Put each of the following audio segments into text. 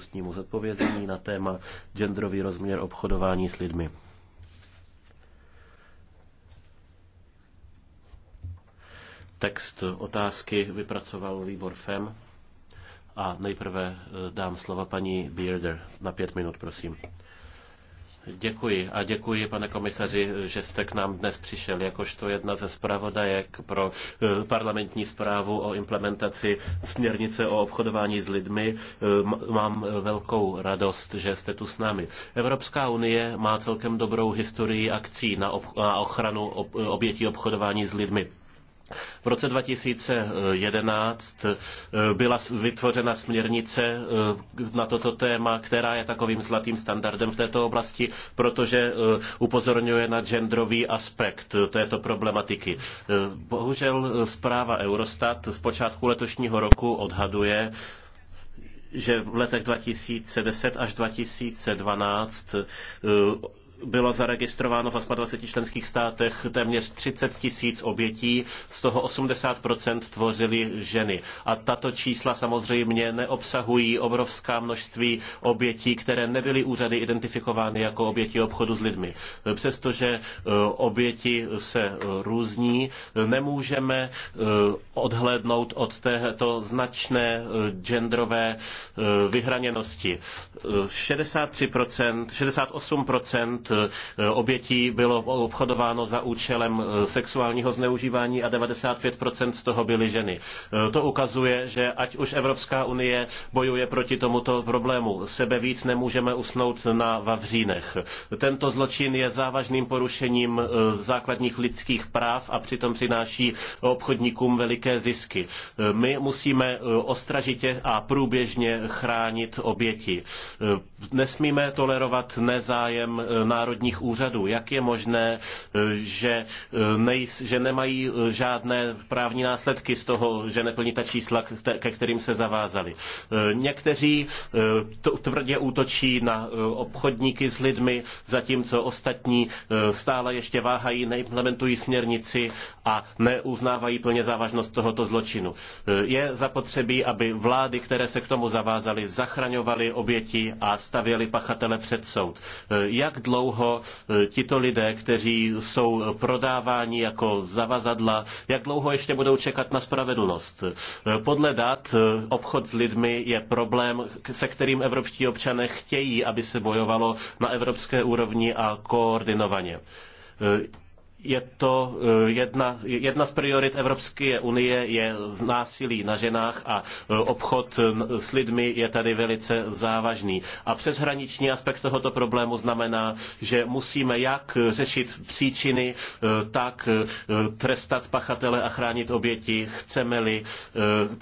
ústnímu zodpovězení na téma genderový rozměr obchodování s lidmi. Text otázky vypracoval výbor FEM a nejprve eh, dám slova paní Bearder na pět minut, prosím. Děkuji a děkuji, pane komisaři, že jste k nám dnes přišel jakožto jedna ze zpravodajek pro eh, parlamentní zprávu o implementaci směrnice o obchodování s lidmi. Eh, mám velkou radost, že jste tu s námi. Evropská unie má celkem dobrou historii akcí na, ochranu obětí obchodování s lidmi. V roce 2011 e, byla vytvořena směrnice e, na toto téma, která je takovým zlatým standardem v této oblasti, protože e, upozorňuje na genderový aspekt této problematiky. Bohužel zpráva Eurostat z počátku letošního roku odhaduje, že v letech 2010 až 2012 bylo zaregistrováno v 28 členských státech téměř 30 tisíc obětí, z toho 80% tvořily ženy. A tato čísla samozřejmě neobsahují obrovská množství obětí, které nebyly úřady identifikovány jako oběti obchodu s lidmi. Přestože e, oběti se e, různí, nemůžeme e, odhlédnout od této značné genderové vyhraněnosti. 63%, 68% E, obětí bylo obchodováno za účelem e, sexuálního zneužívání a 95% z toho byly ženy. E, to ukazuje, že ať už Evropská unie bojuje proti tomuto problému, sebe víc nemůžeme usnout na Vavřínech. Tento zločin je závažným porušením základních lidských práv a přitom přináší obchodníkům veliké zisky. My musíme ostražitě a průběžně chránit oběti. Nesmíme tolerovat nezájem na národních úřadů. Jak je možné, e, že, e, nej, že nemají e, žádné právní následky z toho, že neplní ta čísla, ke kterým se zavázali? Někteří tvrdě útočí na obchodníky s lidmi, zatímco ostatní stále ještě váhají, neimplementují směrnici a neuznávají plně závažnost tohoto zločinu. Je zapotřebí, aby vlády, které se k tomu zavázaly, zachraňovaly oběti a stavěly pachatele před soud. Jak dlouho dlouho e, tito lidé, kteří jsou prodáváni jako zavazadla, jak dlouho ještě budou čekat na spravedlnost. E, podle dat e, obchod s lidmi je problém, se kterým evropští občané chtějí, aby se bojovalo na evropské úrovni a koordinovaně je to eh, jedna, jedna z priorit Evropské unie je násilí na ženách a eh, obchod eh, s lidmi je tady velice závažný. A přeshraniční aspekt tohoto problému znamená, že musíme jak řešit příčiny, tak trestat pachatele a chránit oběti, chceme-li,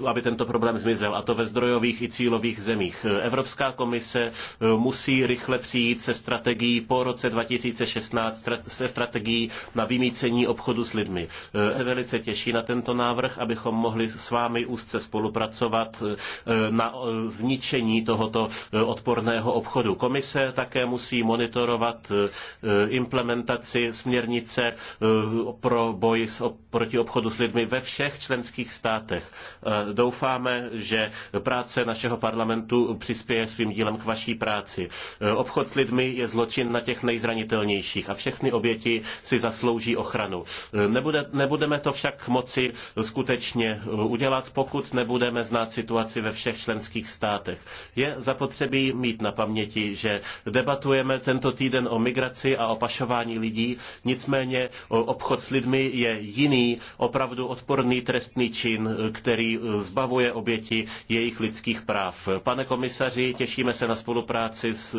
aby tento problém zmizel, a to ve zdrojových i cílových zemích. Evropská komise musí rychle přijít se strategií po roce 2016, se strategií na vymícení obchodu s lidmi. Se eh, velice těší na tento návrh, abychom mohli s vámi úzce spolupracovat eh, na eh, zničení tohoto odporného obchodu. Komise také musí monitorovat implementaci směrnice pro boj proti obchodu s lidmi ve všech členských státech. Doufáme, že práce našeho parlamentu přispěje svým dílem k vaší práci. Obchod s lidmi je zločin na těch nejzranitelnějších a všechny oběti si zaslouží zaslouží ochranu. E, nebude, nebudeme to však moci skutečně e, udělat, pokud nebudeme znát situaci ve všech členských státech. Je zapotřebí mít na paměti, že debatujeme tento týden o migraci a o pašování lidí, nicméně e, obchod s lidmi je jiný, opravdu odporný trestný čin, který zbavuje oběti jejich lidských práv. Pane komisaři, těšíme se na spolupráci s,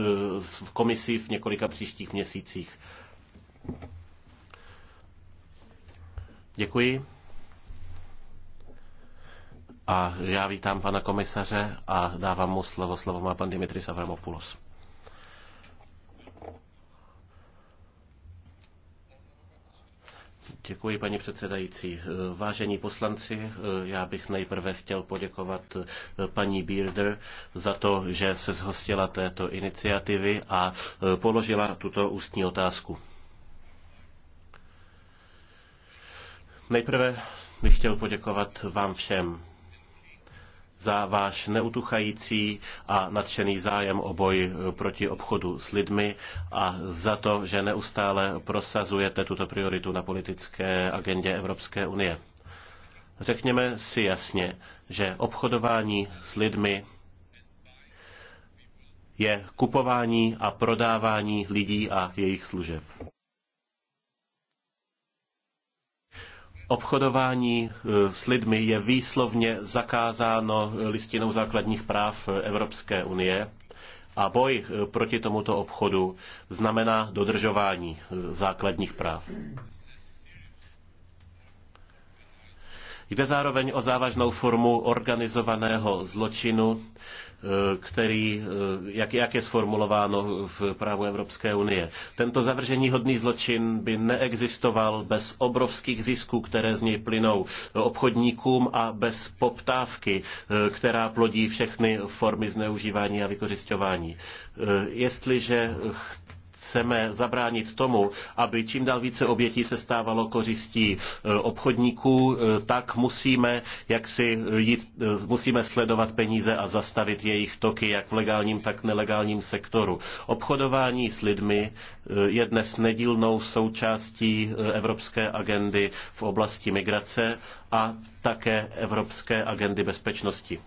s komisí v několika příštích měsících. Děkuji. A já vítám pana komisaře a dávám mu slovo. Slovo má pan Dimitris Avramopoulos. Děkuji, paní předsedající. Vážení poslanci, já bych nejprve chtěl poděkovat paní Bilder za to, že se zhostila této iniciativy a položila tuto ústní otázku. Nejprve bych chtěl poděkovat vám všem za váš neutuchající a nadšený zájem o boj eh, proti obchodu s lidmi a za to, že neustále prosazujete tuto prioritu na politické agendě Evropské unie. Řekněme si jasně, že obchodování s lidmi je kupování a prodávání lidí a jejich služeb. Obchodování eh, s lidmi je výslovně zakázáno listinou základních práv Evropské unie a boj eh, proti tomuto obchodu znamená dodržování eh, základních práv. Jde zároveň o závažnou formu organizovaného zločinu, Eh, který, eh, jak, jak je sformulováno v právu Evropské unie. Tento zavrženíhodný zločin by neexistoval bez obrovských zisků, které z něj plynou obchodníkům a bez poptávky, eh, která plodí všechny formy zneužívání a vykořišťování. Jestliže chceme zabránit tomu, aby čím dál více obětí se stávalo kořistí eh, obchodníků, eh, tak musíme, jak si eh, jít, musíme sledovat peníze a zastavit jejich toky, jak v legálním, tak nelegálním sektoru. Obchodování s lidmi je dnes nedílnou součástí evropské agendy v oblasti migrace a také evropské agendy bezpečnosti.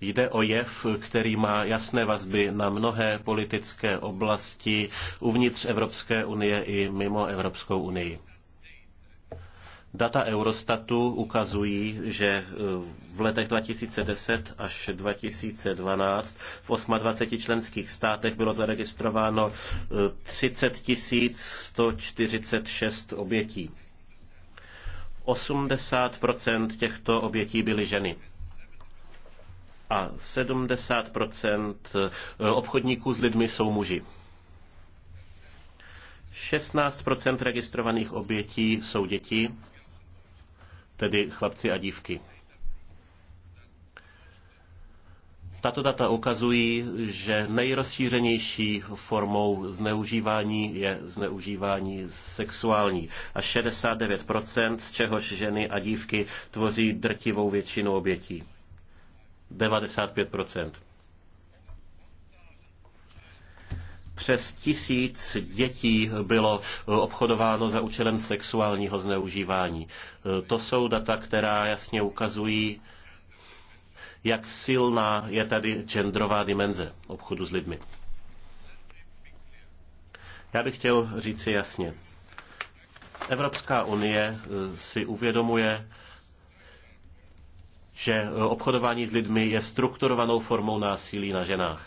Jde o jev, který má jasné vazby na mnohé politické oblasti uvnitř Evropské unie i mimo Evropskou unii. Data Eurostatu ukazují, že e, v letech 2010 až 2012 v 28 členských státech bylo zaregistrováno 30 e, 146 obětí. 80 těchto obětí byly ženy a 70 eh, obchodníků s lidmi jsou muži. 16 registrovaných obětí jsou děti, tedy chlapci a dívky. Tato data ukazují, že nejrozšířenější formou zneužívání je zneužívání sexuální. A 69%, z čehož ženy a dívky tvoří drtivou většinu obětí. 95%. Přes tisíc dětí bylo obchodováno za účelem sexuálního zneužívání. To jsou data, která jasně ukazují, jak silná je tady genderová dimenze obchodu s lidmi. Já bych chtěl říci jasně. Evropská unie si uvědomuje, že eh, obchodování s lidmi je strukturovanou formou násilí na ženách.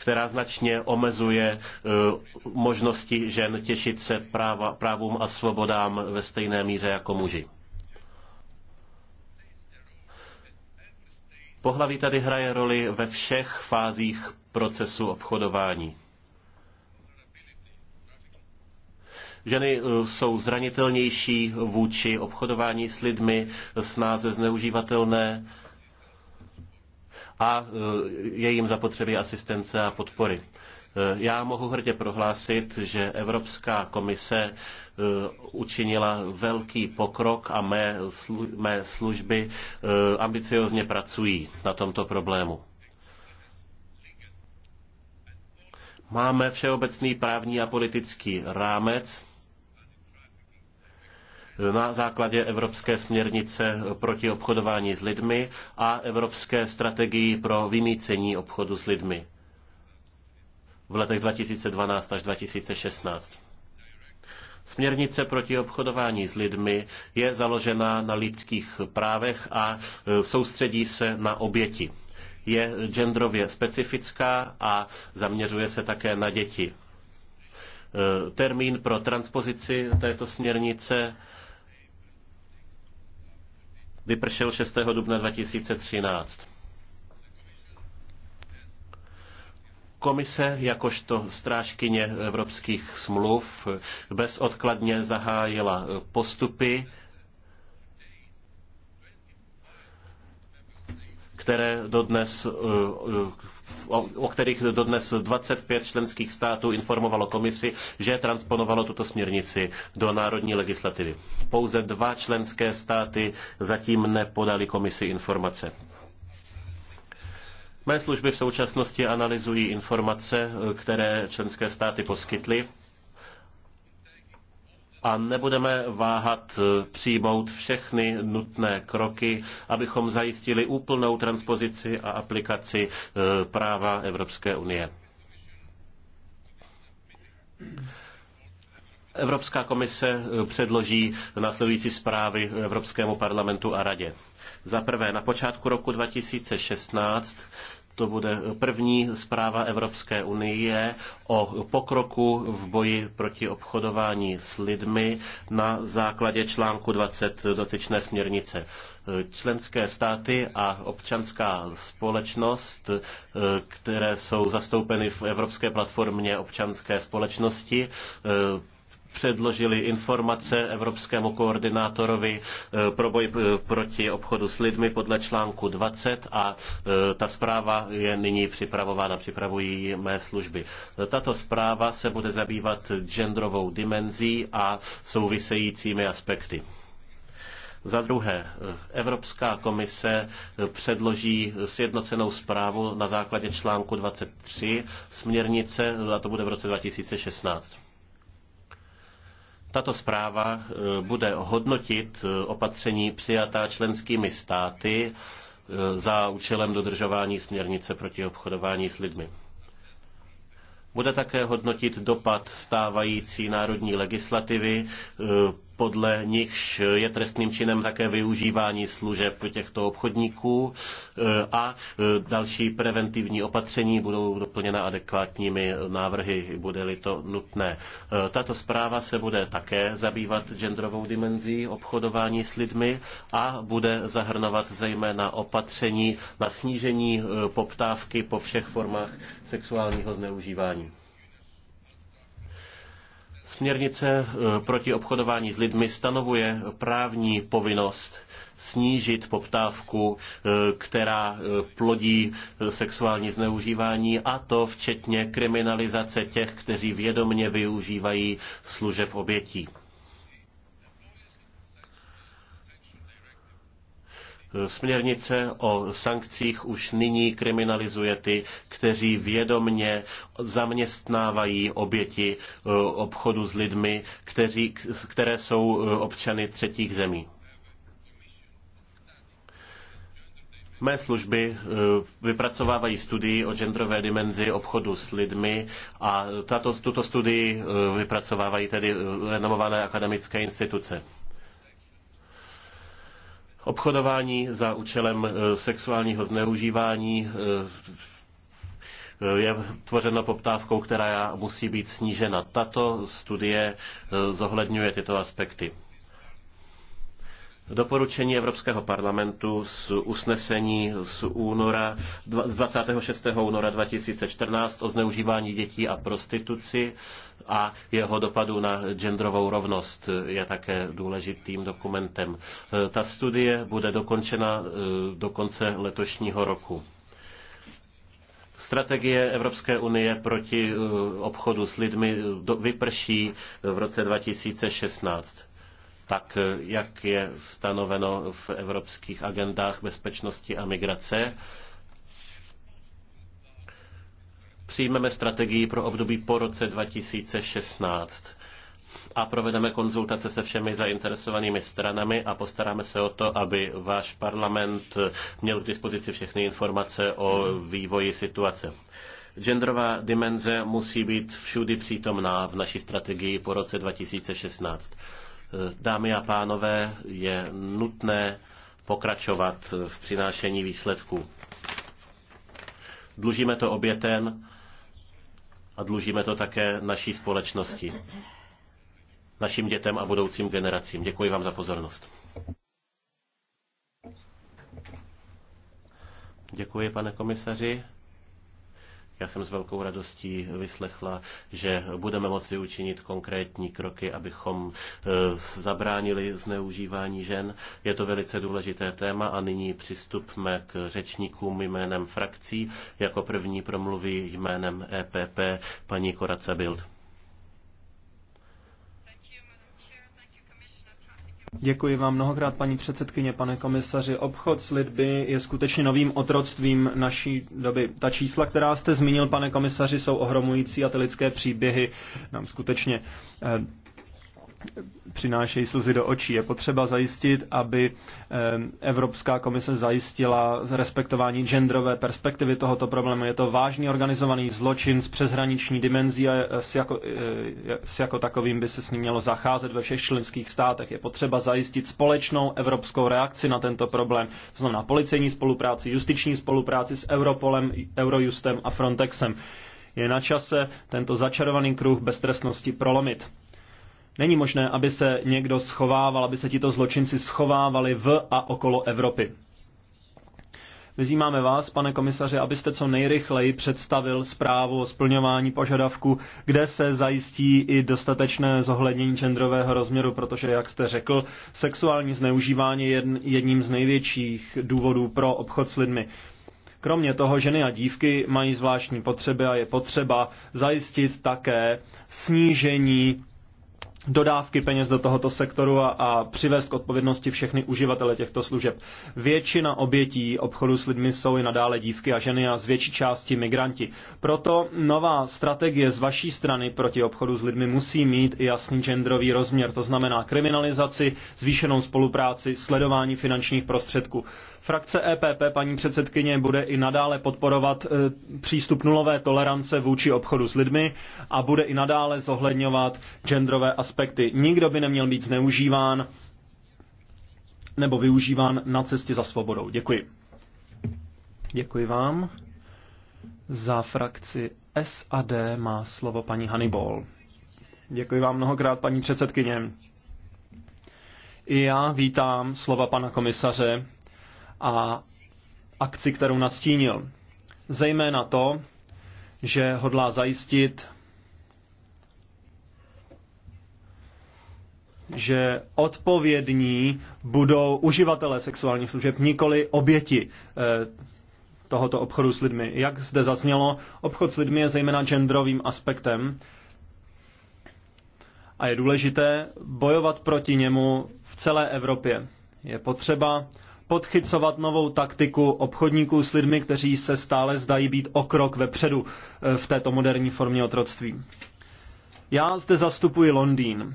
která značně omezuje eh, možnosti žen těšit se práva, právům a svobodám ve stejné míře jako muži. Pohlaví tady hraje roli ve všech fázích procesu obchodování. Ženy eh, jsou zranitelnější vůči obchodování s lidmi, snáze zneužívatelné a eh, je jim zapotřebí asistence a podpory. Eh, já mohu hrdě prohlásit, že Evropská komise učinila velký pokrok a mé, mé služby ambiciozně pracují na tomto problému. Máme všeobecný právní a politický rámec, na základě Evropské směrnice proti obchodování s lidmi a Evropské strategii pro vymícení obchodu s lidmi v letech 2012 až 2016. Směrnice proti obchodování s lidmi je založena na lidských právech a e, soustředí se na oběti. Je genderově specifická a zaměřuje se také na děti. E, termín pro transpozici této směrnice vypršel 6. dubna 2013. Komise jakožto strážkyně evropských smluv bezodkladně zahájila postupy, které dodnes eh, o kterých dodnes 25 členských států informovalo komisi, že transponovalo tuto směrnici do národní legislativy. Pouze dva členské státy zatím nepodali komisi informace. Mé služby v současnosti analyzují informace, které členské státy poskytly a nebudeme váhat eh, přijmout všechny nutné kroky, abychom zajistili úplnou transpozici a aplikaci eh, práva Evropské unie. Evropská komise eh, předloží následující zprávy Evropskému parlamentu a radě. Za prvé, na počátku roku 2016 to bude první zpráva Evropské unie o pokroku v boji proti obchodování s lidmi na základě článku 20 dotyčné směrnice. Členské státy a občanská společnost, které jsou zastoupeny v Evropské platformě občanské společnosti, předložili informace evropskému koordinátorovi eh, pro boj eh, proti obchodu s lidmi podle článku 20 a eh, ta zpráva je nyní připravována, připravují ji mé služby. Tato zpráva se bude zabývat genderovou dimenzí a souvisejícími aspekty. Za druhé, Evropská komise předloží sjednocenou zprávu na základě článku 23 směrnice a to bude v roce 2016. Tato zpráva eh, bude hodnotit eh, opatření přijatá členskými státy eh, za účelem dodržování směrnice proti obchodování s lidmi. Bude také hodnotit dopad stávající národní legislativy podle nichž je trestným činem také využívání služeb těchto obchodníků eh, a eh, další preventivní opatření budou doplněna adekvátními návrhy, bude-li to nutné. Eh, tato zpráva se bude také zabývat genderovou dimenzí obchodování s lidmi a bude zahrnovat zejména opatření na snížení poptávky po všech formách sexuálního zneužívání. Směrnice eh, proti obchodování s lidmi stanovuje právní povinnost snížit poptávku, eh, která eh, plodí sexuální zneužívání, a to včetně kriminalizace těch, kteří vědomně využívají služeb obětí. Směrnice o sankcích už nyní kriminalizuje ty, kteří vědomně zaměstnávají oběti e, obchodu s lidmi, kteří, které jsou e, občany třetích zemí. Mé služby e, vypracovávají studii o genderové dimenzi obchodu s lidmi a tato, tuto studii vypracovávají tedy renomované akademické instituce. Obchodování za účelem eh, sexuálního zneužívání eh, je tvořeno poptávkou, která musí být snížena. Tato studie eh, zohledňuje tyto aspekty doporučení Evropského parlamentu z usnesení z února, 26. února 2014 o zneužívání dětí a prostituci a jeho dopadu na genderovou rovnost je také důležitým dokumentem. Ta studie bude dokončena eh, do konce letošního roku. Strategie Evropské unie proti eh, obchodu s lidmi eh, vyprší v roce 2016 tak eh, jak je stanoveno v evropských agendách bezpečnosti a migrace. Přijmeme strategii pro období po roce 2016 a provedeme konzultace se všemi zainteresovanými stranami a postaráme se o to, aby váš parlament měl k dispozici všechny informace o vývoji situace. Genderová dimenze musí být všudy přítomná v naší strategii po roce 2016. Dámy a pánové, je nutné pokračovat v přinášení výsledků. Dlužíme to obětem a dlužíme to také naší společnosti, našim dětem a budoucím generacím. Děkuji vám za pozornost. Děkuji, pane komisaři. Já jsem s velkou radostí vyslechla, že budeme moci učinit konkrétní kroky, abychom e, zabránili zneužívání žen. Je to velice důležité téma a nyní přistupme k řečníkům jménem frakcí. Jako první promluví jménem EPP paní Koraca Bild. Děkuji vám mnohokrát, paní předsedkyně, pane komisaři. Obchod s lidmi je skutečně novým otroctvím naší doby. Ta čísla, která jste zmínil, pane komisaři, jsou ohromující a ty lidské příběhy nám skutečně eh, přinášejí slzy do očí. Je potřeba zajistit, aby ehm, Evropská komise zajistila respektování genderové perspektivy tohoto problému. Je to vážný organizovaný zločin s přeshraniční dimenzí a s jako, e, s jako takovým by se s ním mělo zacházet ve všech členských státech. Je potřeba zajistit společnou evropskou reakci na tento problém, to znamená policejní spolupráci, justiční spolupráci s Europolem, Eurojustem a Frontexem. Je na čase tento začarovaný kruh beztrestnosti prolomit. Není možné, aby se někdo schovával, aby se tito zločinci schovávali v a okolo Evropy. Vyzýváme vás, pane komisaři, abyste co nejrychleji představil zprávu o splňování požadavku, kde se zajistí i dostatečné zohlednění genderového rozměru, protože, jak jste řekl, sexuální zneužívání je jedním z největších důvodů pro obchod s lidmi. Kromě toho ženy a dívky mají zvláštní potřeby a je potřeba zajistit také snížení dodávky peněz do tohoto sektoru a, a přivést k odpovědnosti všechny uživatele těchto služeb. Většina obětí obchodu s lidmi jsou i nadále dívky a ženy a z větší části migranti. Proto nová strategie z vaší strany proti obchodu s lidmi musí mít i jasný genderový rozměr, to znamená kriminalizaci, zvýšenou spolupráci, sledování finančních prostředků. Frakce EPP, paní předsedkyně, bude i nadále podporovat e, přístup nulové tolerance vůči obchodu s lidmi a bude i nadále zohledňovat genderové a aspekty. Nikdo by neměl být zneužíván nebo využíván na cestě za svobodou. Děkuji. Děkuji vám. Za frakci SAD má slovo paní Hannibal. Děkuji vám mnohokrát, paní předsedkyně. I já vítám slova pana komisaře a akci, kterou nastínil. Zejména to, že hodlá zajistit že odpovědní budou uživatelé sexuálních služeb, nikoli oběti eh, tohoto obchodu s lidmi. Jak zde zaznělo, obchod s lidmi je zejména genderovým aspektem a je důležité bojovat proti němu v celé Evropě. Je potřeba podchycovat novou taktiku obchodníků s lidmi, kteří se stále zdají být o krok vepředu eh, v této moderní formě otroctví. Já zde zastupuji Londýn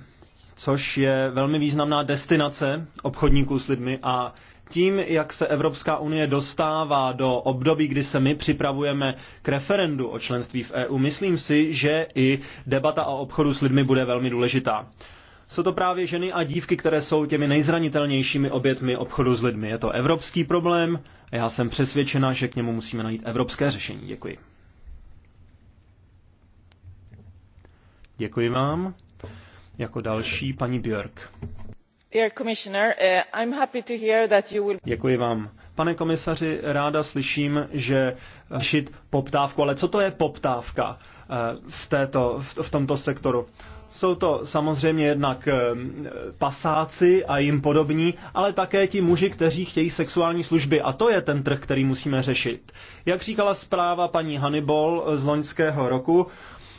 což je velmi významná destinace obchodníků s lidmi a tím, jak se Evropská unie dostává do období, kdy se my připravujeme k referendu o členství v EU, myslím si, že i debata o obchodu s lidmi bude velmi důležitá. Jsou to právě ženy a dívky, které jsou těmi nejzranitelnějšími obětmi obchodu s lidmi. Je to evropský problém a já jsem přesvědčena, že k němu musíme najít evropské řešení. Děkuji. Děkuji vám. Jako další paní Björk. Eh, Děkuji vám. Pane komisaři, ráda slyším, že řešit poptávku, ale co to je poptávka eh, v, této, v tomto sektoru? Jsou to samozřejmě jednak eh, pasáci a jim podobní, ale také ti muži, kteří chtějí sexuální služby. A to je ten trh, který musíme řešit. Jak říkala zpráva paní Hannibal z loňského roku,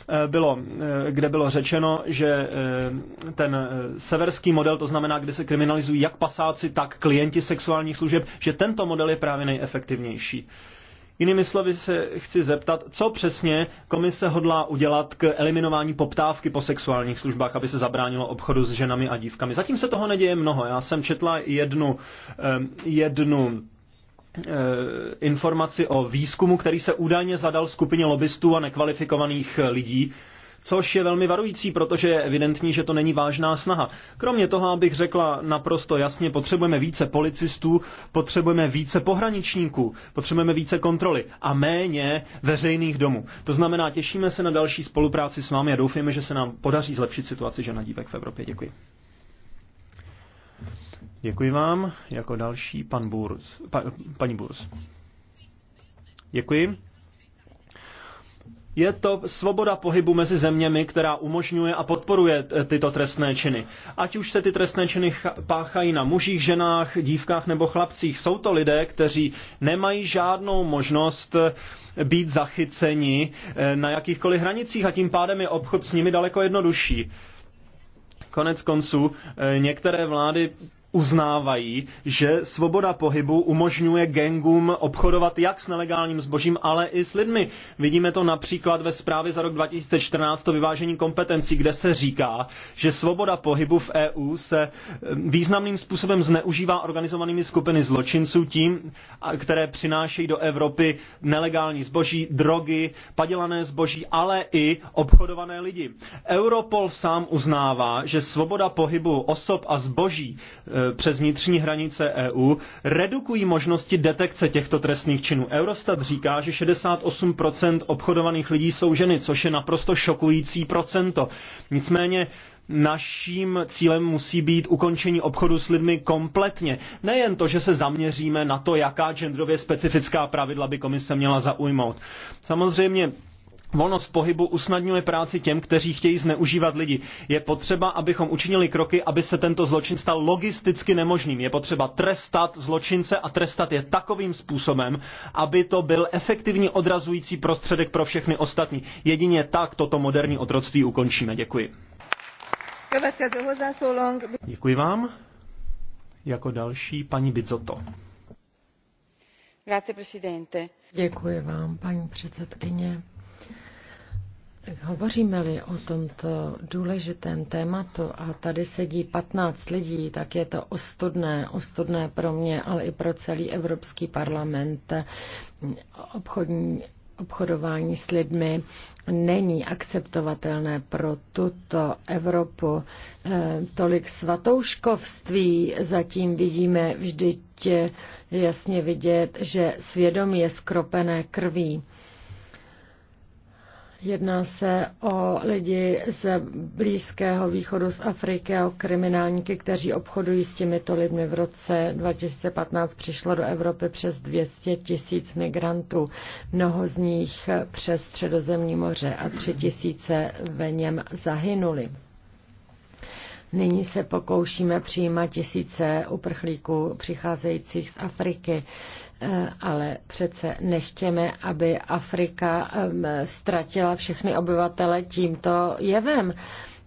Eh, bylo, eh, kde bylo řečeno, že eh, ten severský model, to znamená, kde se kriminalizují jak pasáci, tak klienti sexuálních služeb, že tento model je právě nejefektivnější. Jinými slovy se chci zeptat, co přesně komise hodlá udělat k eliminování poptávky po sexuálních službách, aby se zabránilo obchodu s ženami a dívkami. Zatím se toho neděje mnoho. Já jsem četla jednu, jednu Eh, informaci o výzkumu, který se údajně zadal skupině lobbystů a nekvalifikovaných eh, lidí, což je velmi varující, protože je evidentní, že to není vážná snaha. Kromě toho, abych řekla naprosto jasně, potřebujeme více policistů, potřebujeme více pohraničníků, potřebujeme více kontroly a méně veřejných domů. To znamená, těšíme se na další spolupráci s vámi a doufáme, že se nám podaří zlepšit situaci žena dívek v Evropě. Děkuji. Děkuji vám. Jako další pan Burs, pa, paní Burs. Děkuji. Je to svoboda pohybu mezi zeměmi, která umožňuje a podporuje tyto trestné činy. Ať už se ty trestné činy páchají na mužích, ženách, dívkách nebo chlapcích, jsou to lidé, kteří nemají žádnou možnost eh, být zachyceni eh, na jakýchkoliv hranicích a tím pádem je obchod s nimi daleko jednodušší. Konec konců, eh, některé vlády uznávají, že svoboda pohybu umožňuje gengům obchodovat jak s nelegálním zbožím, ale i s lidmi. Vidíme to například ve zprávě za rok 2014 to vyvážení kompetencí, kde se říká, že svoboda pohybu v EU se eh, významným způsobem zneužívá organizovanými skupiny zločinců tím, které přinášejí do Evropy nelegální zboží, drogy, padělané zboží, ale i obchodované lidi. Europol sám uznává, že svoboda pohybu osob a zboží Eh, přes vnitřní hranice EU redukují možnosti detekce těchto trestných činů. Eurostat říká, že 68% obchodovaných lidí jsou ženy, což je naprosto šokující procento. Nicméně naším cílem musí být ukončení obchodu s lidmi kompletně. Nejen to, že se zaměříme na to, jaká genderově specifická pravidla by komise měla zaujmout. Samozřejmě Volnost pohybu usnadňuje práci těm, kteří chtějí zneužívat lidi. Je potřeba, abychom učinili kroky, aby se tento zločin stal logisticky nemožným. Je potřeba trestat zločince a trestat je takovým způsobem, aby to byl efektivní odrazující prostředek pro všechny ostatní. Jedině tak toto moderní otroctví ukončíme. Děkuji. Děkuji vám. Jako další paní Bizzotto. Děkuji vám, paní předsedkyně. Hovoříme-li o tomto důležitém tématu a tady sedí 15 lidí, tak je to ostudné, ostudné pro mě, ale i pro celý Evropský parlament. Obchodní obchodování s lidmi není akceptovatelné pro tuto Evropu. Eh, tolik svatouškovství zatím vidíme vždyť jasně vidět, že svědomí je skropené krví. Jedná se o lidi z Blízkého východu, z Afriky a o kriminálníky, kteří obchodují s těmito lidmi. V roce 2015 přišlo do Evropy přes 200 tisíc migrantů, mnoho z nich přes Středozemní moře a 3 tisíce ve něm zahynuli. Nyní se pokoušíme přijímat tisíce uprchlíků přicházejících z Afriky. Eh, ale přece nechtěme, aby Afrika ztratila všechny obyvatele tímto jevem.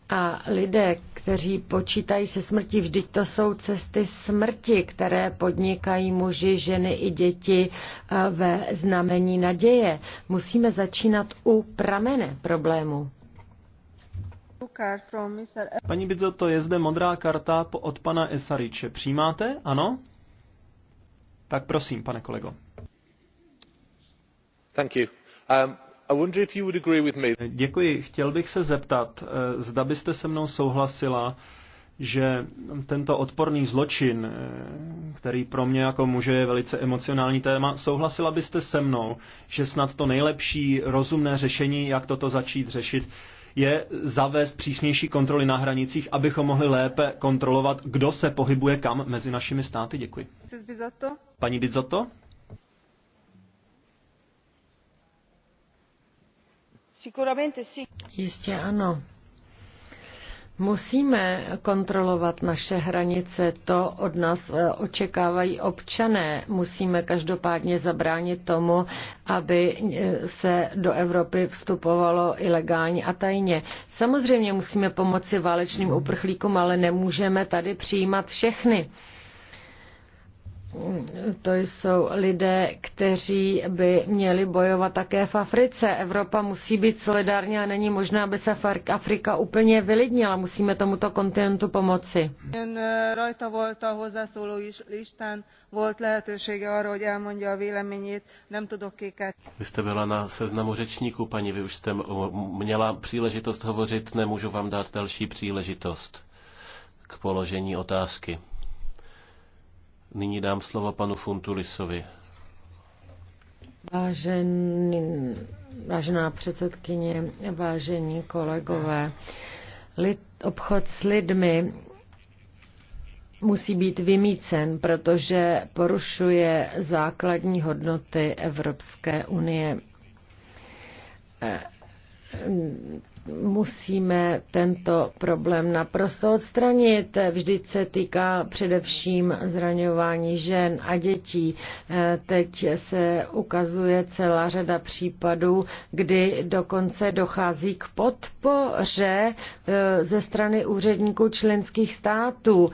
A lidé, kteří počítají se smrtí, vždyť to jsou cesty smrti, které podnikají muži, ženy i děti eh, ve znamení naděje. Musíme začínat u pramene problému. Paní Bidzo, to je zde modrá karta od pana Esariče. Přijímáte? Ano? Tak prosím, pane kolego. Thank you. Um, Děkuji. Chtěl bych se zeptat, eh, zda byste se mnou souhlasila, že tento odporný zločin, eh, který pro mě jako muže je velice emocionální téma, souhlasila byste se mnou, že snad to nejlepší rozumné řešení, jak toto začít řešit, je zavést přísnější kontroly na hranicích, abychom mohli lépe kontrolovat, kdo se pohybuje kam mezi našimi státy. Děkuji. Paní Bizzotto? Jistě ano. Musíme kontrolovat naše hranice, to od nás eh, očekávají občané. Musíme každopádně zabránit tomu, aby eh, se do Evropy vstupovalo ilegálně a tajně. Samozřejmě musíme pomoci válečným uprchlíkům, ale nemůžeme tady přijímat všechny to jsou lidé, kteří by měli bojovat také v Africe. Evropa musí být solidární a není možné, aby se Afrika úplně vylidnila. Musíme tomuto kontinentu pomoci. Vy jste byla na seznamu řečníků, paní, vy už jste měla příležitost hovořit, nemůžu vám dát další příležitost k položení otázky. Nyní dám slovo panu Funtulisovi. Vážený, vážená předsedkyně, vážení kolegové, lid, obchod s lidmi musí být vymícen, protože porušuje základní hodnoty Evropské unie musíme tento problém naprosto odstranit. Vždyť se týká především zraňování žen a dětí. Eh, teď se ukazuje celá řada případů, kdy dokonce dochází k podpoře eh, ze strany úředníků členských států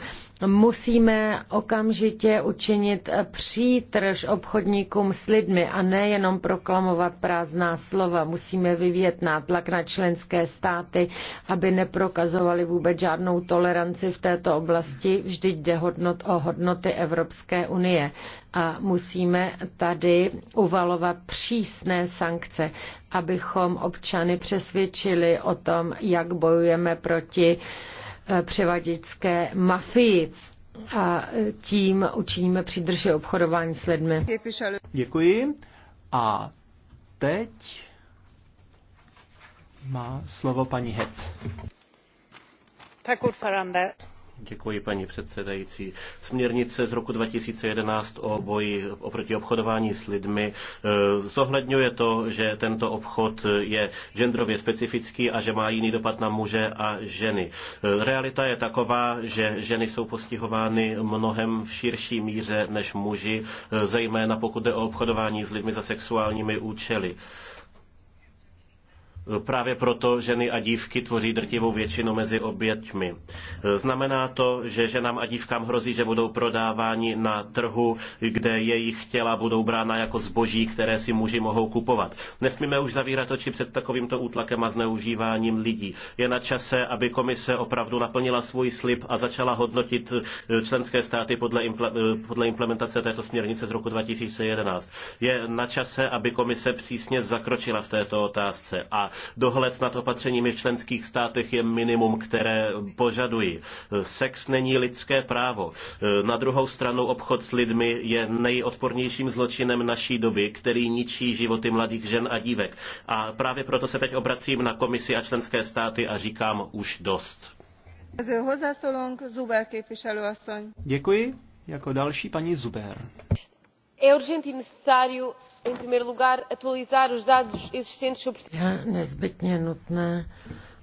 musíme okamžitě učinit přítrž obchodníkům s lidmi a nejenom proklamovat prázdná slova. Musíme vyvíjet nátlak na členské státy, aby neprokazovali vůbec žádnou toleranci v této oblasti. Vždyť jde hodnot o hodnoty Evropské unie. A musíme tady uvalovat přísné sankce, abychom občany přesvědčili o tom, jak bojujeme proti uh, Eh, převaděčské mafii a tím učiníme přidrže obchodování s lidmi. Děkuji. A teď má slovo paní Het. Tak, Děkuji, paní předsedající. Směrnice z roku 2011 o boji oproti obchodování s lidmi eh, zohledňuje to, že tento obchod je genderově specifický a že má jiný dopad na muže a ženy. Eh, realita je taková, že ženy jsou postihovány mnohem v širší míře než muži, eh, zejména pokud jde o obchodování s lidmi za sexuálními účely. Právě proto ženy a dívky tvoří drtivou většinu mezi oběťmi. Znamená to, že ženám a dívkám hrozí, že budou prodáváni na trhu, kde jejich těla budou brána jako zboží, které si muži mohou kupovat. Nesmíme už zavírat oči před takovýmto útlakem a zneužíváním lidí. Je na čase, aby komise opravdu naplnila svůj slib a začala hodnotit eh, členské státy eh, podle implementace této směrnice z roku 2011. Je na čase, aby komise přísně zakročila v této otázce. A Dohled nad opatřeními v členských státech je minimum, které požadují. Sex není lidské právo. Na druhou stranu obchod s lidmi je nejodpornějším zločinem naší doby, který ničí životy mladých žen a dívek. A právě proto se teď obracím na komisi a členské státy a říkám už dost. Děkuji. Jako další paní Zuber. É urgente e necessário, em primeiro lugar, atualizar os dados existentes sobre. Je nezbytně nutné,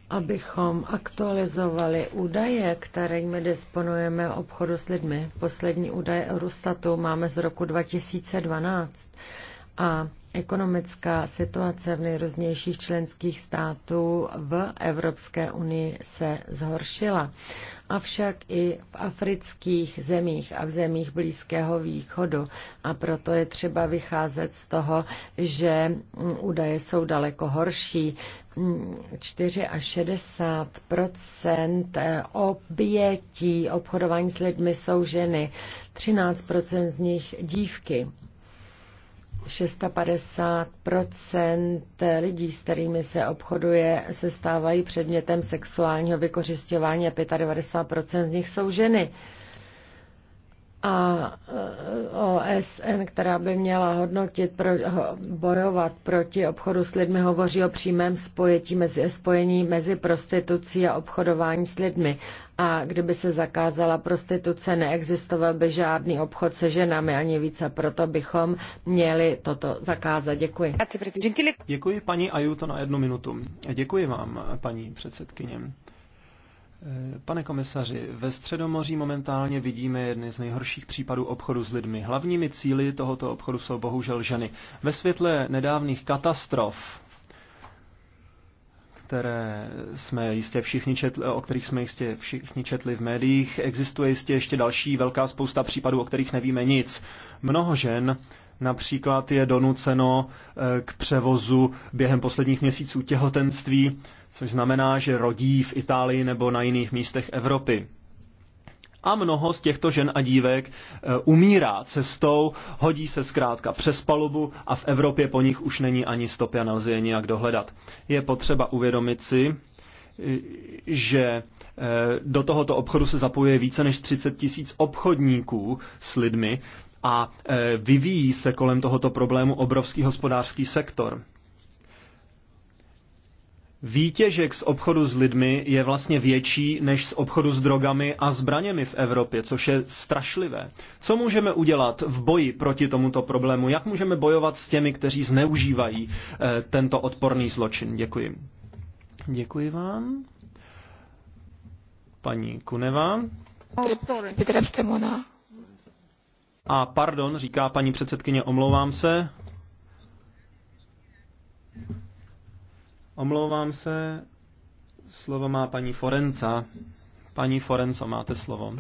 abychom aktualizovali údaje, kterými disponujeme o obchodu s lidmi. Poslední údaje Eurostatu máme z roku 2012 a ekonomická situace v nejrůznějších členských států v Evropské unii se zhoršila. Avšak i v afrických zemích a v zemích Blízkého východu. A proto je třeba vycházet z toho, že údaje jsou daleko horší. 64 obětí obchodování s lidmi jsou ženy, 13 z nich dívky. 650 lidí, s kterými se obchoduje, se stávají předmětem sexuálního vykořišťování a 95 z nich jsou ženy a e, OSN, která by měla hodnotit, pro, bojovat proti obchodu s lidmi, hovoří o přímém spojetí mezi, spojení mezi prostitucí a obchodování s lidmi. A kdyby se zakázala prostituce, neexistoval by žádný obchod se ženami ani více. Proto bychom měli toto zakázat. Děkuji. Děkuji paní Ajuto na jednu minutu. Děkuji vám, paní předsedkyně. Pane komisaři, ve Středomoří momentálně vidíme jedny z nejhorších případů obchodu s lidmi. Hlavními cíly tohoto obchodu jsou bohužel ženy. Ve světle nedávných katastrof, které jsme jistě všichni četli, o kterých jsme jistě všichni četli v médiích, existuje jistě ještě další velká spousta případů, o kterých nevíme nic. Mnoho žen Například je donuceno eh, k převozu během posledních měsíců těhotenství, což znamená, že rodí v Itálii nebo na jiných místech Evropy. A mnoho z těchto žen a dívek eh, umírá cestou, hodí se zkrátka přes palubu a v Evropě po nich už není ani stopy a nelze je nijak dohledat. Je potřeba uvědomit si, že eh, do tohoto obchodu se zapojuje více než 30 tisíc obchodníků s lidmi, a e, vyvíjí se kolem tohoto problému obrovský hospodářský sektor. Výtěžek z obchodu s lidmi je vlastně větší než z obchodu s drogami a zbraněmi v Evropě, což je strašlivé. Co můžeme udělat v boji proti tomuto problému? Jak můžeme bojovat s těmi, kteří zneužívají e, tento odporný zločin? Děkuji. Děkuji vám. Paní Kuneva. Petr a pardon, říká paní předsedkyně, omlouvám se. Omlouvám se. Slovo má paní Forenca. Paní Forenco, máte slovo.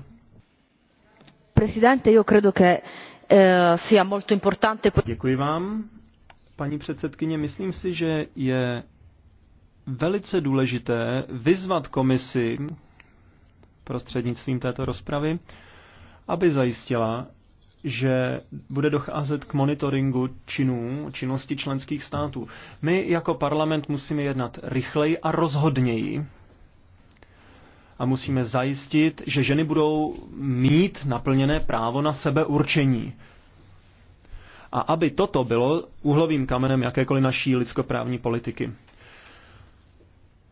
Presidente, io credo che eh, sia molto importante... Děkuji vám. Paní předsedkyně, myslím si, že je velice důležité vyzvat komisi prostřednictvím této rozpravy, aby zajistila, že bude docházet k monitoringu činů, činnosti členských států. My jako parlament musíme jednat rychleji a rozhodněji a musíme zajistit, že ženy budou mít naplněné právo na sebeurčení. A aby toto bylo úhlovým kamenem jakékoliv naší lidskoprávní politiky.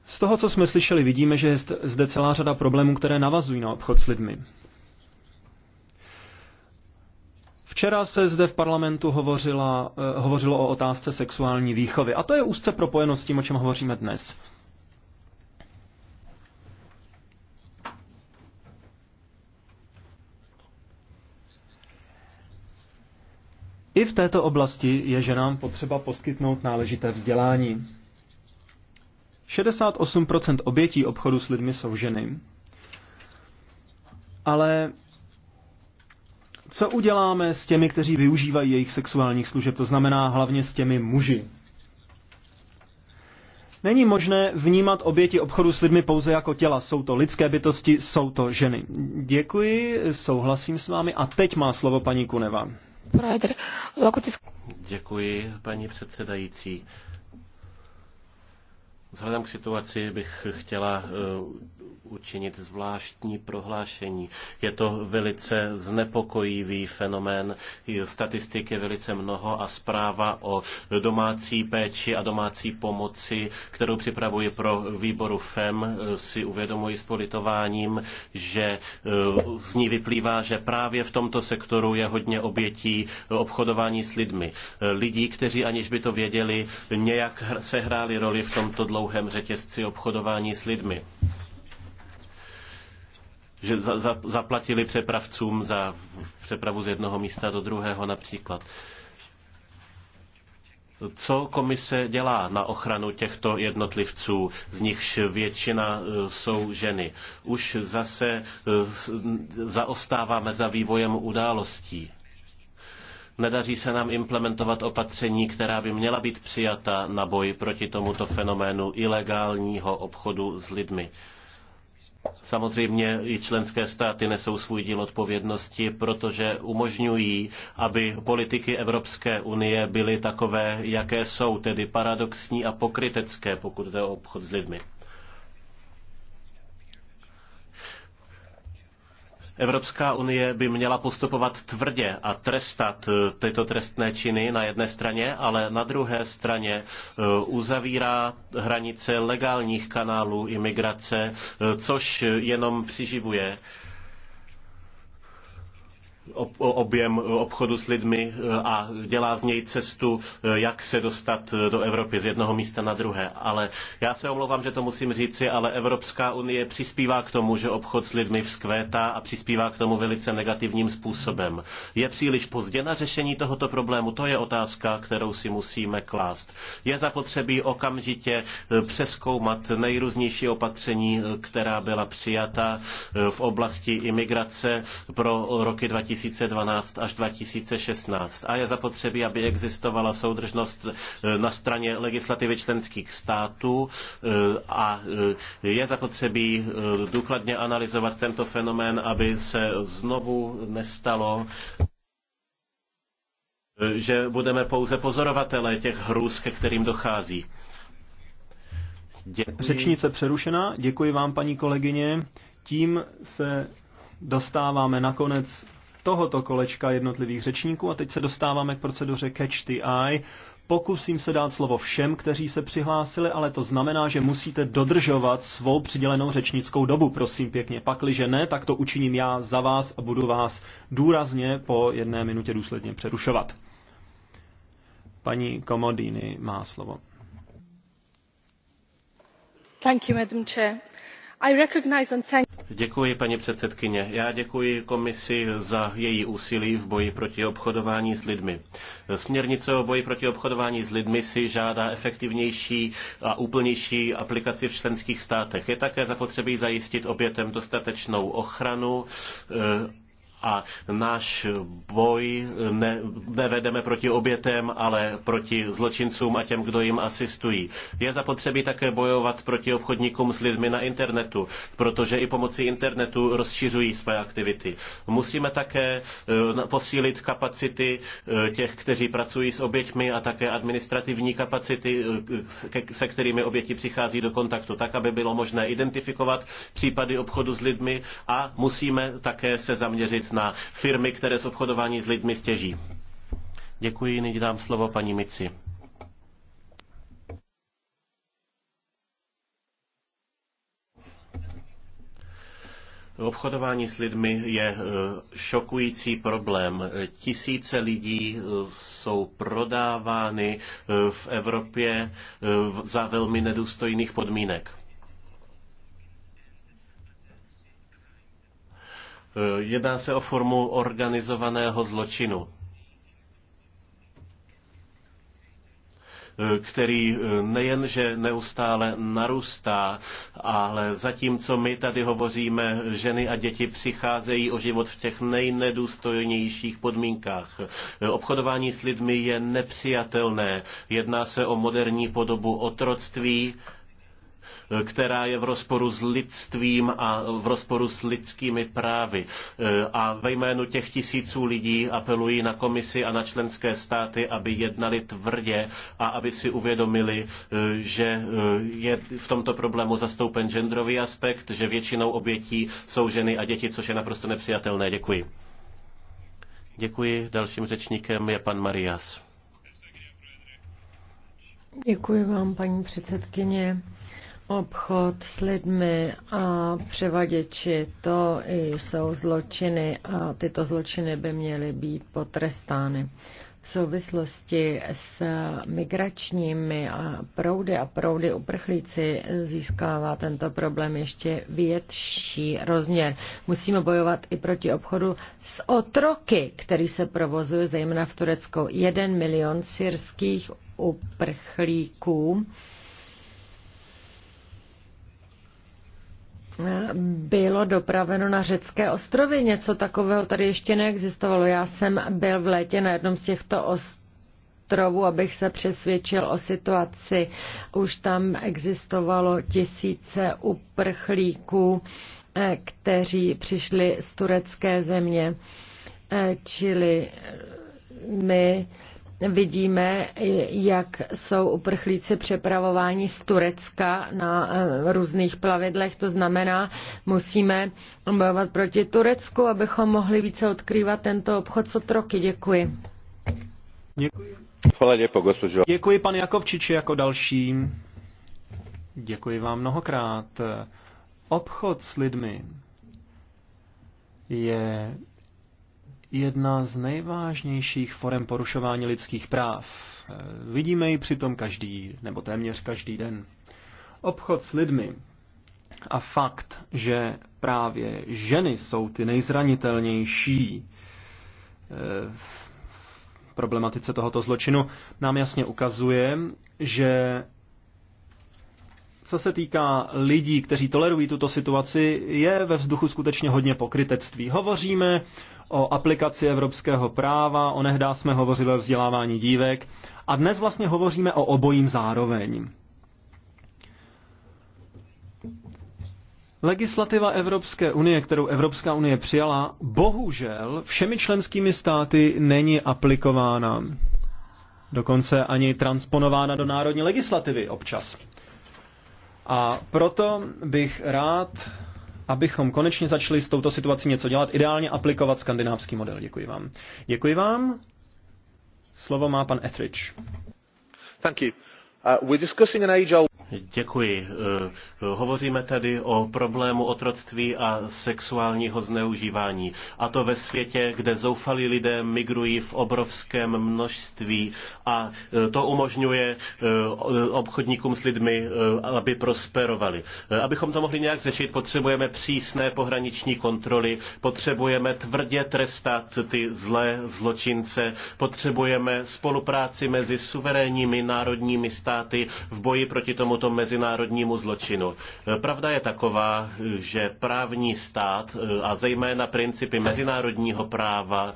Z toho, co jsme slyšeli, vidíme, že je zde celá řada problémů, které navazují na obchod s lidmi. Včera se zde v parlamentu hovořila, eh, hovořilo o otázce sexuální výchovy a to je úzce propojeno s tím, o čem hovoříme dnes. I v této oblasti je ženám potřeba poskytnout náležité vzdělání. 68% obětí obchodu s lidmi jsou ženy, ale co uděláme s těmi, kteří využívají jejich sexuálních služeb, to znamená hlavně s těmi muži. Není možné vnímat oběti obchodu s lidmi pouze jako těla. Jsou to lidské bytosti, jsou to ženy. Děkuji, souhlasím s vámi a teď má slovo paní Kuneva. Jako Děkuji, paní předsedající. Vzhledem k situaci bych chtěla eh, učinit zvláštní prohlášení. Je to velice znepokojivý fenomén. Statistik je velice mnoho a zpráva o domácí péči a domácí pomoci, kterou připravuji pro výboru FEM, si uvědomuji s politováním, že eh, z ní vyplývá, že právě v tomto sektoru je hodně obětí obchodování s lidmi. Eh, lidí, kteří aniž by to věděli, nějak sehráli roli v tomto dlouhém řetězci obchodování s lidmi že za, za, zaplatili přepravcům za přepravu z jednoho místa do druhého například. Co komise dělá na ochranu těchto jednotlivců, z nichž většina e, jsou ženy? Už zase e, zaostáváme za vývojem událostí. Nedaří se nám implementovat opatření, která by měla být přijata na boj proti tomuto fenoménu ilegálního obchodu s lidmi. Samozřejmě i členské státy nesou svůj díl odpovědnosti, protože umožňují, aby politiky Evropské unie byly takové, jaké jsou, tedy paradoxní a pokrytecké, pokud jde o obchod s lidmi. Evropská unie by měla postupovat tvrdě a trestat eh, tyto trestné činy na jedné straně, ale na druhé straně eh, uzavírá hranice legálních kanálů imigrace, eh, což jenom přiživuje objem obchodu s lidmi eh, a dělá z něj cestu, eh, jak se dostat eh, do Evropy z jednoho místa na druhé. Ale já se omlouvám, že to musím říci, ale Evropská unie přispívá k tomu, že obchod s lidmi vzkvétá a přispívá k tomu velice negativním způsobem. Je příliš pozdě na řešení tohoto problému? To je otázka, kterou si musíme klást. Je zapotřebí okamžitě přeskoumat nejrůznější opatření, která byla přijata v oblasti imigrace pro roky 2000 2012 až 2016 a je zapotřebí, aby existovala soudržnost eh, na straně legislativy členských států eh, a eh, je zapotřebí důkladně analyzovat tento fenomén, aby se znovu nestalo že budeme pouze pozorovatele těch hrůz, ke kterým dochází. Děkuji. Řečnice přerušena. Děkuji vám, paní kolegyně. Tím se dostáváme na konec tohoto kolečka jednotlivých řečníků a teď se dostáváme k proceduře Catch the Eye. Pokusím se dát slovo všem, kteří se přihlásili, ale to znamená, že musíte dodržovat svou přidělenou řečnickou dobu, prosím pěkně. Pakliže ne, tak to učiním já za vás a budu vás důrazně po jedné minutě důsledně přerušovat. Paní Komodýny má slovo. Thank you, Madam Chair. I recognize and thank Děkuji, paní předsedkyně. Já děkuji komisi za její úsilí v boji proti obchodování s lidmi. Směrnice o boji proti obchodování s lidmi si žádá efektivnější a úplnější aplikaci v členských státech. Je také zapotřebí zajistit obětem dostatečnou ochranu eh, a náš boj ne, nevedeme proti obětem, ale proti zločincům a těm, kdo jim asistují. Je zapotřebí také bojovat proti obchodníkům s lidmi na internetu, protože i pomocí internetu rozšiřují své aktivity. Musíme také eh, posílit kapacity eh, těch, kteří pracují s oběťmi a také administrativní kapacity, eh, se kterými oběti přichází do kontaktu, tak, aby bylo možné identifikovat případy obchodu s lidmi a musíme také se zaměřit na firmy, které s obchodování s lidmi stěží. Děkuji, nyní dám slovo paní Mici. Obchodování s lidmi je e, šokující problém. Tisíce lidí e, jsou prodávány e, v Evropě za velmi nedůstojných podmínek. Eh, jedná se o formu organizovaného zločinu, eh, který eh, nejenže neustále narůstá, ale zatímco my tady hovoříme, ženy a děti přicházejí o život v těch nejnedůstojnějších podmínkách. Obchodování s lidmi je nepřijatelné. Jedná se o moderní podobu otroctví, která je v rozporu s lidstvím a v rozporu s lidskými právy. A ve jménu těch tisíců lidí apeluji na komisi a na členské státy, aby jednali tvrdě a aby si uvědomili, že je v tomto problému zastoupen genderový aspekt, že většinou obětí jsou ženy a děti, což je naprosto nepřijatelné. Děkuji. Děkuji. Dalším řečníkem je pan Marias. Děkuji vám, paní předsedkyně. Obchod s lidmi a převaděči, to jsou zločiny a tyto zločiny by měly být potrestány. V souvislosti s migračními proudy a proudy uprchlíci získává tento problém ještě větší rozměr. Musíme bojovat i proti obchodu s otroky, který se provozuje zejména v Turecku. Jeden milion syrských uprchlíků bylo dopraveno na řecké ostrovy. Něco takového tady ještě neexistovalo. Já jsem byl v létě na jednom z těchto ostrovů, abych se přesvědčil o situaci. Už tam existovalo tisíce uprchlíků, eh, kteří přišli z turecké země. Eh, čili my vidíme, jak jsou uprchlíci přepravováni z Turecka na eh, různých plavidlech. To znamená, musíme bojovat proti Turecku, abychom mohli více odkrývat tento obchod s troky. Děkuji. Děkuji. Děkuji pan Jakovčiči jako další. Děkuji vám mnohokrát. Obchod s lidmi je jedna z nejvážnějších forem porušování lidských práv. E, vidíme ji přitom každý, nebo téměř každý den. Obchod s lidmi a fakt, že právě ženy jsou ty nejzranitelnější e, v problematice tohoto zločinu, nám jasně ukazuje, že co se týká lidí, kteří tolerují tuto situaci, je ve vzduchu skutečně hodně pokrytectví. Hovoříme o aplikaci evropského práva, onehdá jsme hovořili o vzdělávání dívek a dnes vlastně hovoříme o obojím zároveň. Legislativa Evropské unie, kterou Evropská unie přijala, bohužel všemi členskými státy není aplikována. Dokonce ani transponována do národní legislativy občas. A proto bych rád abychom konečně začali s touto situací něco dělat, ideálně aplikovat skandinávský model. Děkuji vám. Děkuji vám. Slovo má pan Etheridge. Thank you. Uh, we're discussing an age old... Děkuji. Eh, hovoříme tedy o problému otroctví a sexuálního zneužívání. A to ve světě, kde zoufalí lidé migrují v obrovském množství. A eh, to umožňuje eh, obchodníkům s lidmi, aby prosperovali. Abychom to mohli nějak řešit, potřebujeme přísné pohraniční kontroly, potřebujeme tvrdě trestat ty zlé zločince, potřebujeme spolupráci mezi suverénními národními státy v boji proti tomu tomuto mezinárodnímu zločinu. E, pravda je taková, že právní stát e, a zejména principy mezinárodního práva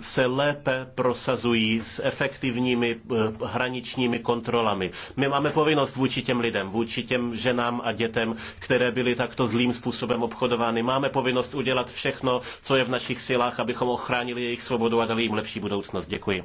se lépe prosazují s efektivními e, hraničními kontrolami. My máme povinnost vůči těm lidem, vůči těm ženám a dětem, které byly takto zlým způsobem obchodovány. Máme povinnost udělat všechno, co je v našich silách, abychom ochránili jejich svobodu a dali jim lepší budoucnost. Děkuji.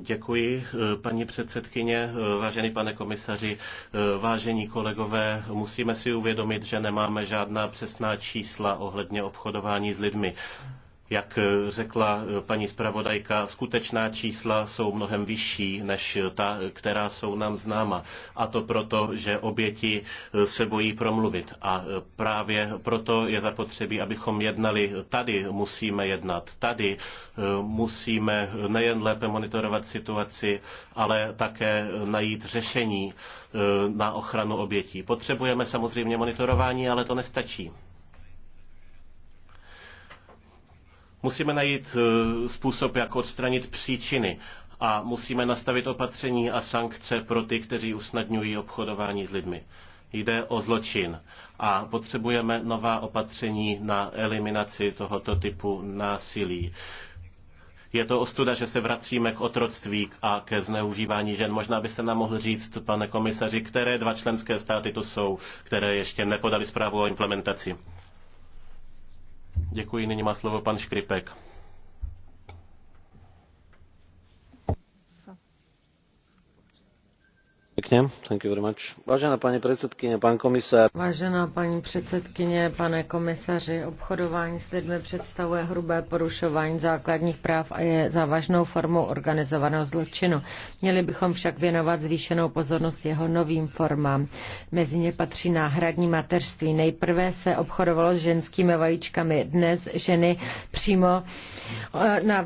Děkuji, eh, paní předsedkyně, eh, vážený pane komisaři, eh, vážení kolegové. Musíme si uvědomit, že nemáme žádná přesná čísla ohledně obchodování s lidmi. Jak eh, řekla eh, paní zpravodajka, skutečná čísla jsou mnohem vyšší než eh, ta, která jsou nám známa. A to proto, že oběti se bojí promluvit. A právě proto je zapotřebí, abychom jednali tady, musíme jednat tady, musíme nejen lépe monitorovat situaci, ale také najít řešení na ochranu obětí. Potřebujeme samozřejmě monitorování, ale to nestačí. Musíme najít eh, způsob, jak odstranit příčiny a musíme nastavit opatření a sankce pro ty, kteří usnadňují obchodování s lidmi. Jde o zločin a potřebujeme nová opatření na eliminaci tohoto typu násilí. Je to ostuda, že se vracíme k otroctví a ke zneužívání žen. Možná byste nám mohl říct, pane komisaři, které dva členské státy to jsou, které ještě nepodali zprávu o implementaci. Děkuji, nyní má slovo pan Škripek. Vážená paní předsedkyně, pan komisař. Vážená paní předsedkyně, pane komisaři, obchodování s lidmi představuje hrubé porušování základních práv a je závažnou formou organizovaného zločinu. Měli bychom však věnovat zvýšenou pozornost jeho novým formám. Mezi ně patří náhradní mateřství. Nejprve se obchodovalo s ženskými vajíčkami. Dnes ženy přímo eh,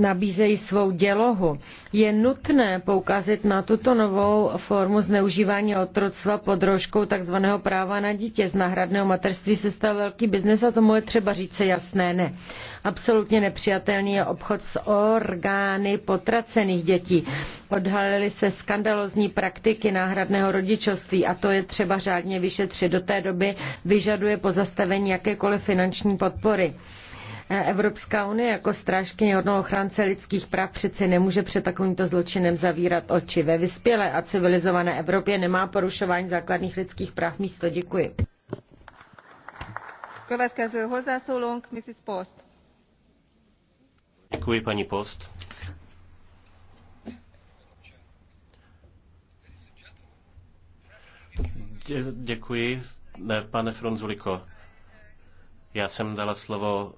nabízejí svou dělohu. Je nutné poukazit na tuto novou novou formu zneužívání otroctva pod rožkou tzv. práva na dítě. Z náhradného materství se stal velký biznes a tomu je třeba říct jasné ne. Absolutně nepřijatelný je obchod s orgány potracených dětí. Odhalily se skandalozní praktiky náhradného rodičovství a to je třeba řádně vyšetřit. Do té doby vyžaduje pozastavení jakékoliv finanční podpory. Evropská unie jako strážkyně hodnou ochránce lidských práv přeci nemůže před takovýmto zločinem zavírat oči. Ve vyspělé a civilizované Evropě nemá porušování základních lidských práv místo. Děkuji. Děkuji, paní Post. Děkuji, ne, pane Fronzuliko. Já jsem dala slovo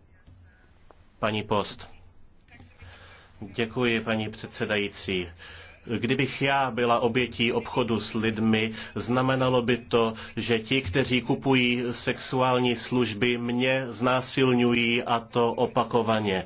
Paní Post. Děkuji, paní předsedající. Kdybych já byla obětí obchodu s lidmi, znamenalo by to, že ti, kteří kupují sexuální služby, mě znásilňují a to opakovaně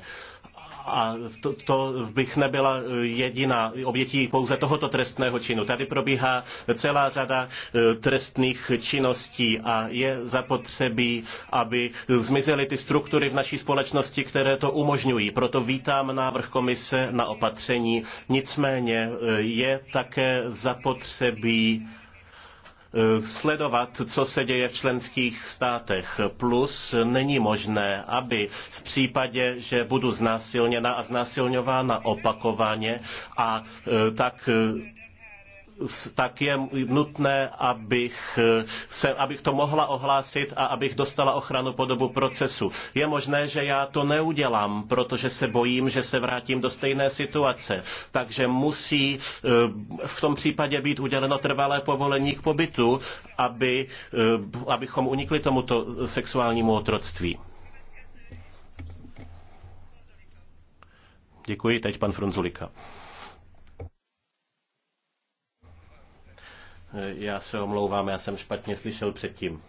a to, to bych nebyla jediná obětí pouze tohoto trestného činu. Tady probíhá celá řada e, trestných činností a je zapotřebí, aby zmizely ty struktury v naší společnosti, které to umožňují. Proto vítám návrh komise na opatření. Nicméně e, je také zapotřebí Eh, sledovat, co se děje v členských státech. Plus není možné, aby v případě, že budu znásilněna a znásilňována opakovaně a eh, tak eh, tak je nutné, abych, eh, se, abych to mohla ohlásit a abych dostala ochranu po dobu procesu. Je možné, že já to neudělám, protože se bojím, že se vrátím do stejné situace. Takže musí eh, v tom případě být uděleno trvalé povolení k pobytu, aby, eh, abychom unikli tomuto sexuálnímu otroctví. Děkuji, teď pan Frunzulika. Já se omlouvám, já jsem špatně slyšel předtím.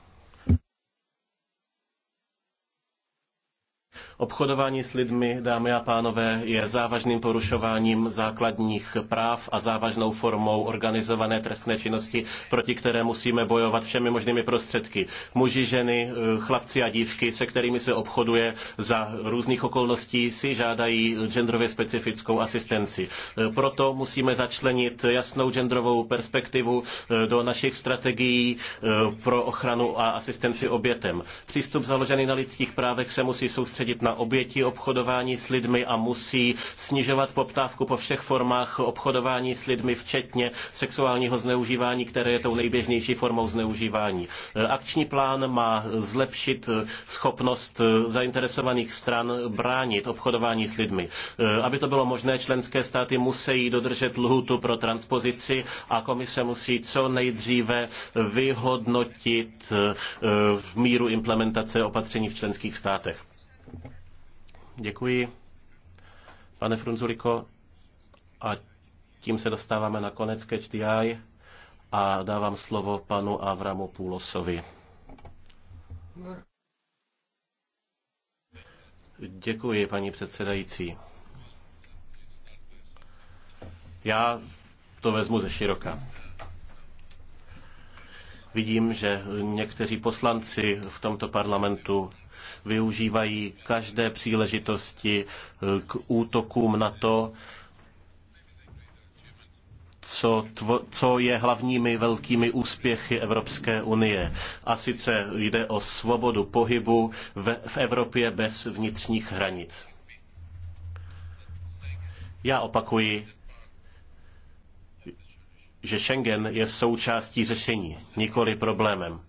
Obchodování s lidmi, dámy a pánové, je závažným porušováním základních práv a závažnou formou organizované trestné činnosti, proti které musíme bojovat všemi možnými prostředky. Muži, ženy, eh, chlapci a dívky, se kterými se obchoduje za různých okolností, si žádají genderově specifickou asistenci. Eh, proto musíme začlenit jasnou genderovou perspektivu eh, do našich strategií pro ochranu a asistenci obětem. Přístup založený na lidských právech se musí soustředit na obětí obchodování s lidmi a musí snižovat poptávku po všech formách obchodování s lidmi, včetně sexuálního zneužívání, které je tou nejběžnější formou zneužívání. E, akční plán má zlepšit e, schopnost e, zainteresovaných stran bránit obchodování s lidmi. Aby to bylo možné, členské státy musí dodržet lhůtu pro transpozici a komise musí co nejdříve vyhodnotit míru implementace opatření v členských státech. Děkuji, pane Frunzuliko. A tím se dostáváme na konec KTI a dávám slovo panu Avramu Půlosovi. Děkuji, paní předsedající. Já to vezmu ze široka. Vidím, že někteří poslanci v tomto parlamentu využívají každé příležitosti eh, k útokům na to, co, tvo, co je hlavními velkými úspěchy Evropské unie. A sice jde o svobodu pohybu v, v Evropě bez vnitřních hranic. Já opakuji, že Schengen je součástí řešení, nikoli problémem.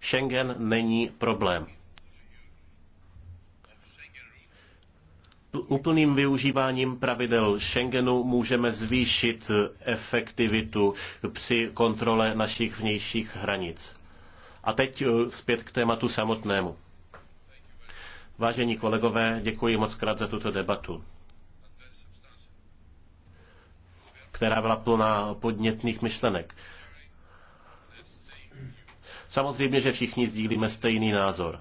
Schengen není problém. úplným využíváním pravidel Schengenu můžeme zvýšit efektivitu při kontrole našich vnějších hranic. A teď eh, zpět k tématu samotnému. Vážení kolegové, děkuji moc krát za tuto debatu, která byla plná podnětných myšlenek. Samozřejmě, že všichni sdílíme stejný názor.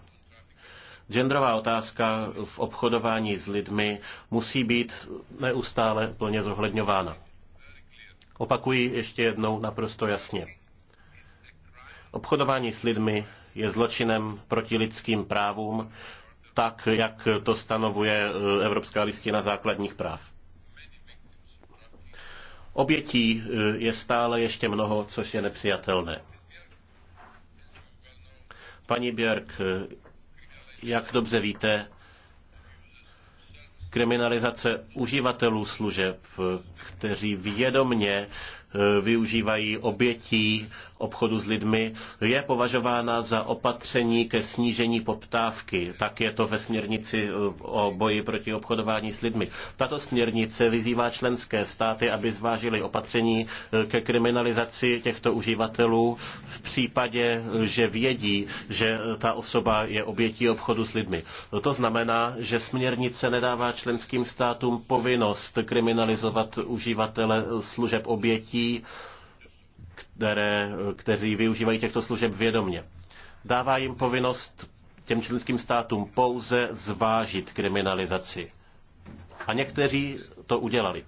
Genderová otázka v obchodování s lidmi musí být neustále plně zohledňována. Opakuji ještě jednou naprosto jasně. Obchodování s lidmi je zločinem proti lidským právům, tak, jak to stanovuje eh, Evropská listina základních práv. Obětí eh, je stále ještě mnoho, což je nepřijatelné. Paní Björk, eh, jak dobře víte, kriminalizace uživatelů služeb, kteří vědomně Eh, využívají obětí obchodu s lidmi, je považována za opatření ke snížení poptávky. Tak je to ve směrnici eh, o boji proti obchodování s lidmi. Tato směrnice vyzývá členské státy, aby zvážili opatření eh, ke kriminalizaci těchto uživatelů v případě, že vědí, že ta osoba je obětí obchodu s lidmi. To znamená, že směrnice nedává členským státům povinnost kriminalizovat uživatele služeb obětí lidí, které, kteří využívají těchto služeb vědomně. Dává jim povinnost těm členským státům pouze zvážit kriminalizaci. A někteří to udělali.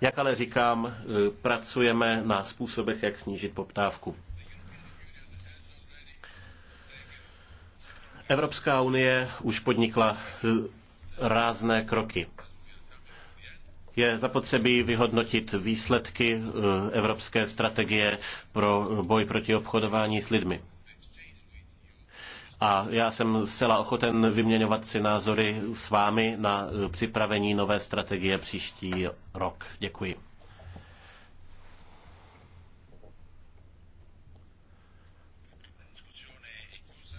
Jak ale říkám, e, pracujeme na způsobech, jak snížit poptávku. Evropská unie už podnikla e, rázné kroky je zapotřebí vyhodnotit výsledky eh, evropské strategie pro boj proti obchodování s lidmi. A já jsem zcela ochoten vyměňovat si názory s vámi na eh, připravení nové strategie příští rok. Děkuji.